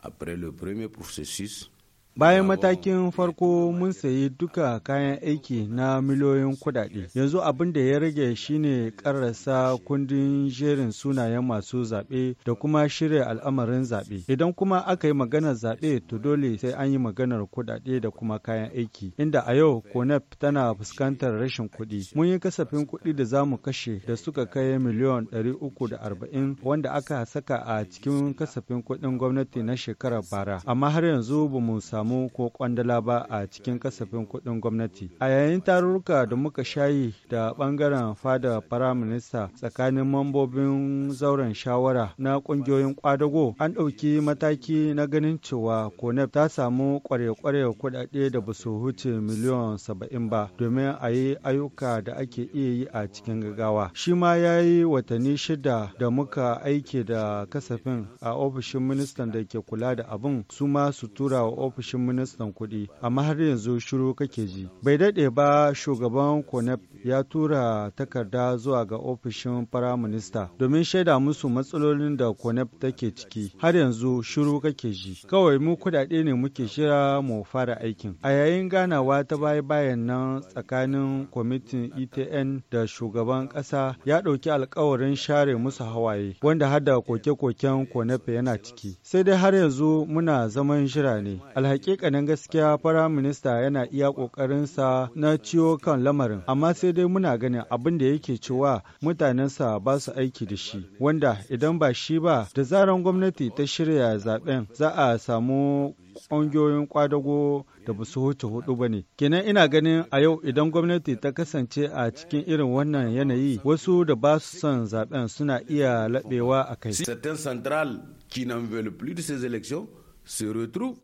Après le premier processus, Bayan matakin farko mun sayi duka kayan aiki na miliyoyin kudade. Yanzu abin da ya rage shine karasa kundin jerin sunayen masu zaɓe da kuma shirya al'amarin zaɓe. Idan kuma aka yi maganar zaɓe to dole sai an yi maganar kudade da kuma kayan aiki. Inda a yau konep tana fuskantar rashin kuɗi. Mun yi kasafin kuɗi da za mu kashe da suka kai miliyon uku da arba'in wanda aka saka a cikin kasafin kuɗin gwamnati na shekarar bara. Amma har yanzu ba mu samu samu ko kwandala ba a cikin kasafin kuɗin gwamnati. A yayin tarurruka da muka shayi da ɓangaren fada firaminista tsakanin mambobin zauren shawara na ƙungiyoyin kwadago an ɗauki mataki na ganin cewa konef ta samu kware-kware kuɗaɗe da basu su huce miliyan saba'in ba domin a yi ayyuka da ake iya yi a cikin gaggawa. Shi ma ya yi watanni shida da muka aiki da kasafin a ofishin ministan da ke kula da abin su ma su tura wa ofishin ofishin ministan kuɗi amma har yanzu shiru kake ji bai daɗe ba shugaban konep ya tura takarda zuwa ga ofishin firaminista domin shaida musu matsalolin da konep take ciki har yanzu shiru kake ji kawai mu kuɗaɗe ne muke shira mu fara aikin a yayin ganawa ta baya bayan nan tsakanin kwamitin etn da shugaban ƙasa ya ɗauki alkawarin share musu hawaye wanda har da koke-koken konep yana ciki sai dai har yanzu muna zaman shira ne alhaki hakikanin gaskiya fara minista yana iya ƙoƙarinsa na ciwo kan lamarin, amma sai dai muna ganin abin da yake cewa mutanensa ba su aiki da shi, wanda idan ba shi ba da zaran gwamnati ta shirya zaben za a samu ƙungiyoyin kwadago da ba su huce hudu ba ne. Kenan ina ganin a yau idan gwamnati ta kasance a cikin irin wannan yanayi wasu da ba su son zaben suna iya laɓewa a kai.